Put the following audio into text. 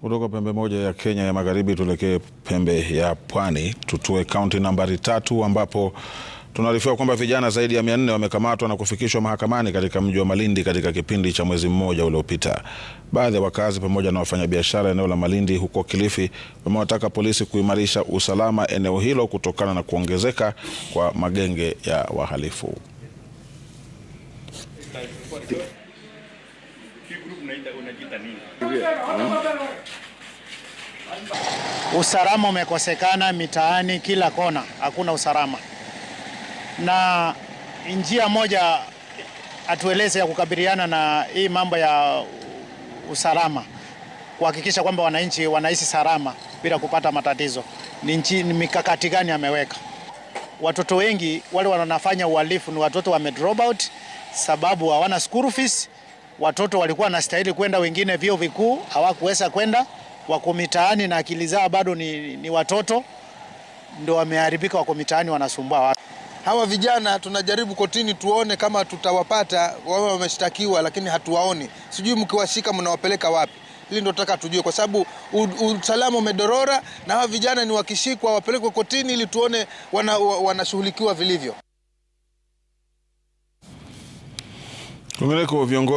Kutoka pembe moja ya Kenya ya magharibi tuelekee pembe ya pwani, tutue kaunti nambari tatu ambapo tunaarifiwa kwamba vijana zaidi ya mia nne wamekamatwa na kufikishwa mahakamani katika mji wa Malindi katika kipindi cha mwezi mmoja uliopita. Baadhi ya wakazi pamoja na wafanyabiashara eneo la Malindi huko Kilifi wamewataka polisi kuimarisha usalama eneo hilo kutokana na kuongezeka kwa magenge ya wahalifu. Usalama umekosekana mitaani, kila kona hakuna usalama, na njia moja atueleze ya kukabiliana na hii mambo ya usalama, kuhakikisha kwamba wananchi wanaishi salama bila kupata matatizo, ni nchi ni mikakati gani ameweka? Watoto wengi wale wanafanya uhalifu ni watoto wame drop out sababu hawana school fees watoto walikuwa wanastahili kwenda, wengine vyuo vikuu hawakuweza kwenda, wako mitaani na akili zao bado ni, ni watoto ndio wameharibika, wako mitaani wanasumbua hawa vijana tunajaribu kotini tuone kama tutawapata wawe wameshtakiwa, lakini hatuwaoni. Sijui mkiwashika mnawapeleka wapi? Hili ndio tunataka tujue, kwa sababu usalama umedorora, na hawa vijana ni wakishikwa wapelekwe kotini ili tuone wanashughulikiwa wana vilivyo. Kwingineko viongozi